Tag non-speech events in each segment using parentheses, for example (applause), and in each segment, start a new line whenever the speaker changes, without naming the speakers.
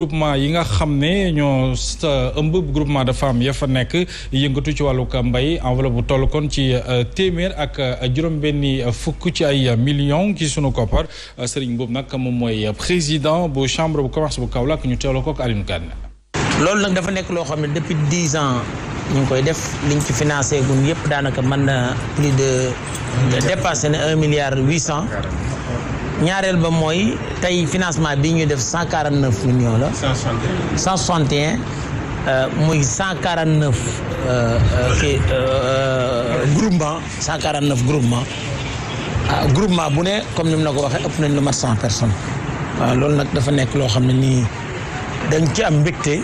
groupement yi nga xam ne ñoo sa ëmb groupement de femmes ya fa nekk yëngatu ci wàllug mbay enveloppe bu toll kon ci euh, téeméer ak euh, juróom-benni fukk ci ay millions ci sunu koppar euh, Serigne boobu nag moom mooy président bu chambre bu commerce bu Kaolack ñu teewloo ko ak Alioune loolu nag dafa nekk loo xam ne depuis dix ans ñu ngi koy def liñ
ci financé gun yëpp daanaka mën na plus de dépassé na un milliard cent. ñaareel ba mooy tey financement bi ñuy def cent quarante neuf millions la. cent soixante et un euh, muy cent quarante neuf euh, euh, kii groupement cent quarante neuf groupement ah, groupement bu ne comme ni mu la ko waxee ëpp nañ lu mat cent waaw loolu nag dafa nekk loo xam ne nii dañ ci am mbégte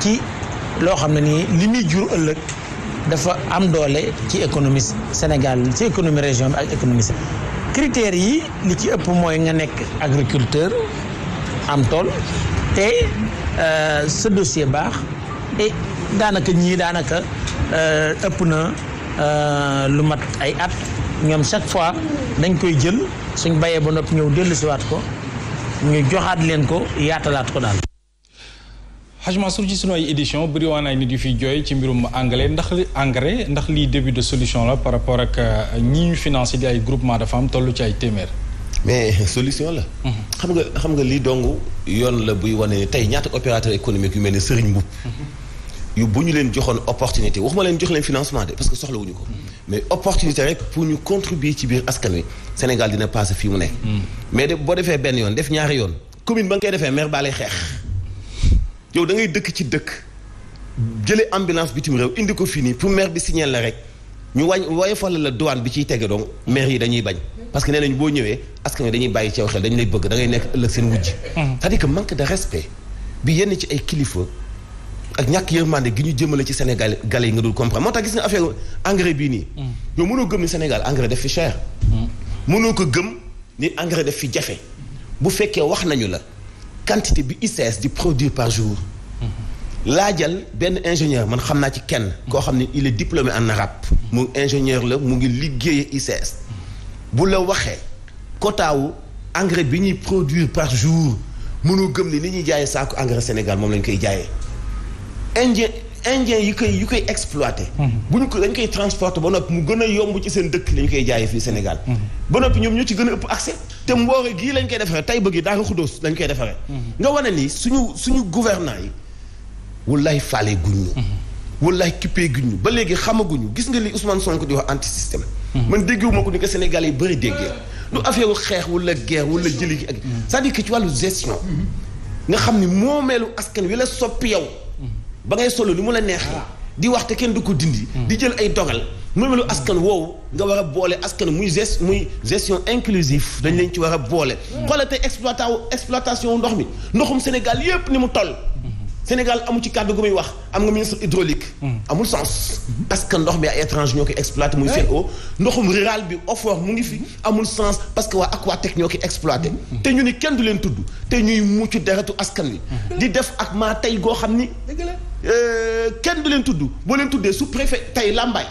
ci loo xam ne nii li muy jur ëllëg dafa am doole ci économie Sénégal ci économie région bi ak économie critères yi li ci ëpp mooy nga nekk agriculteur am tool te euh, sa dossier baax et daanaka ñii daanaka euh, ëpp na euh, lu mat ay at ñoom chaque fois dañ koy jël
suñ bayee ba noppi ñëw dellusiwaat ko ñu joxaat leen ko yaatalaat ko daal. Hadj Mansour ci sunu ay édition bëri waan ay nit yu engrais ndax lii début de solution par rapport euh, ñu financé di ay groupement de femmes toll ci ay téeméer.
mais (laughs) solution la. Mhm. xam nga xam nga lii dong yoon la buy wane tey ñaata opérateur économique yu mel ne Serigne Mboup. Mhm. yu bu ñu leen joxoon opportunité waxuma leen jox leen financement de parce que soxlawuñu ko. Mhm. mais opportunité rek pour ñu contribuer ci biir askan wi Sénégal dina passé fii mu ne mais de boo defee benn yoon def ñaari yoon commune ba nga koy defee maire baa xeex. yow da ngay dëkk ci dëkk jëlee ambulance bitim réew indi ko fii nii pour maire bi signal la rek ñu wàññi woyofal la douane bi ciy tege donc maire yi dañuy bañ. parce que nee nañ boo ñëwee askan wi dañuy bàyyi ci yow xel dañu lay bëgg da nekk ëllëg seen wujj. Hmm. cest à manque de respect bi yenn ci ay kilifa. ak ñàkk yërmande gi ñu jëmale ci senegal gale yi nga dul comprendre moo tax gis nga affaire engrais bii nii. Hmm. yow mënoo gëm ni Sénégal engrais def fi cher. Hmm. mënoo ko gëm ni engrais def fi jafe. bu fekkee wax nañu la. quantité bi ICS di produire par jour. laajal benn ingénieur man xam naa ci kenn. koo xam ne il est diplômé na arabe. mu ingénieur la mu ngi liggéeye ICS. bu la waxee quota wu engrais bi ñuy produire par jour mënul gëm ne li ñuy jaayee saako engrais Sénégal moom lañ koy jaayee. indien yi koy yi koy exploité mhm. bu ñu ko dañ koy transporté ba noppi mu gën a yomb ci seen dëkk lañ koy jaayee fii Sénégal mhm. ba noppi ñoom ñoo ci gën a ëpp accès te mboore gii lañ koy defaree tay bëgg daa nga xudóos lañ koy defaree mhm. nga wane ni suñu suñu gouvernant yi wallaay faale guññu wallaay kippee guññu ba léegi xamaguñu gis nga li Ousmane Sonko di wax anti système man déggeewuma ko ni ko Sénégal yi bëri déggee lu ah. affaire xeex wala guerre wala jëli ak cest ci wàllu gestion nga xam ni moomeelu askan wi la soppi yow ba ngay solo li mu la neexee ah. di wax te kenn du ko dindi hmm. di jël ay dogal mu lu askan woowu nga war a boole askan muy gest muy gestion inclusive dañ leen ci war a boole hmm. xoolal tey exploita exploitation ndox mi ndoxum Sénégal yépp ni mu toll Sénégal amu ci kàddu gu muy wax am nga ministre hydraulique hmm. amul sens parce que ndox mi ay étrange ñoo koy exploité muy seen o ndoxum rural bi offort mu ngi fi amul sens parce que waa Aquatech ñoo koy exploité hmm. te ñu ni kenn du leen tudd te ñuy mucc deretu askan wi hmm. di def ak maa tey goo xam ni euh, kenn du leen tudd boo leen tuddee sous préfet tey Lambaye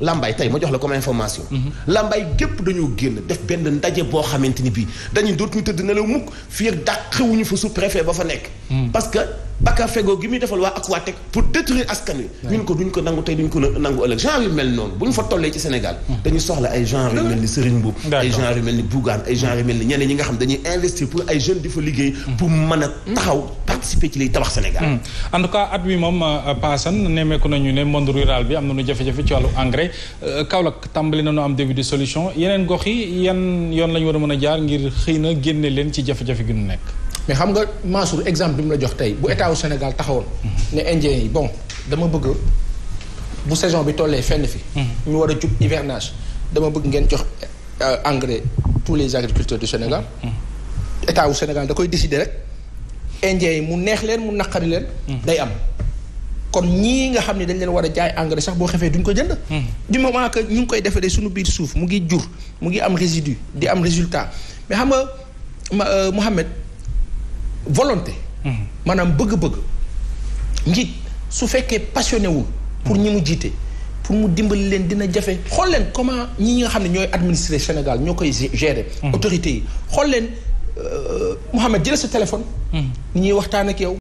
Lambaye tey ma jox la comme information. Lambaye gépp dañoo génn def benn ndaje boo xamante ni bii dañuy dootuñu tëdd nelaw mukk fii ak dàq xewuñu ba fa nekk. que baka fegoo gi muy defal waa Aquatec pour détruire askan wi. ñun ko duñ ko nangu tey duñ ko nangu ëllëg genre yu mel noonu bu ñu fa tollee ci Sénégal. Hmm. dañu soxla ay genre yu mel ni Serigne Mboup. ay genre yu mel ni Bougane ay genre yu mel ni ñeneen ñi nga xam dañuy investir pour ay jeunes di fa liggéey. Hmm. pour mën a taxaw participer
ci liy tabax Sénégal. Hmm. en tout cas at wi moom euh, paasan nemmeeku nañu ne monde rural bi am na nañu jafe-jafe ci wàllu engrais euh, Kaolack tàmbali nañu am début de solution yeneen gox yi yan yoon la war a mën a ngir xëy na génne leen ci jafe-jafe gi nekk mais xam nga Mansour exemple bi mu la jox tey bu état wu Sénégal taxawoon. ne indien yi bon dama bëgg bu saison bi
tollee fenn fi. Hmm. ñu war a jub hivernage dama bëgg ngeen jox euh, engrais tous les agriculteurs du Sénégal. Hmm. état wu Sénégal da koy décider rek. indien yi mu neex leen mu naqari leen. Hmm. day am kon ñii nga xam ne dañ leen war a jaay engrais sax boo xefee duñ ko jënd. du moment que ñu ngi koy defaree suñu biir suuf mu ngi jur mu ngi am résidu di am résultat mais xam nga euh, Mohamed. volonté. Mm-hmm. maanaam bëgg-bëgg. njiit su fekkee passionné wul. pour ñi mu mm-hmm. jiite pour mu dimbali leen dina jafe xool leen comment ñi ñi nga xam ne ñooy administrer Sénégal ñoo koy gérer.
Mm-hmm. autorités yi xool leen euh, Mouhamed jëlee sa téléphone. ni ñuy waxtaan ak yow.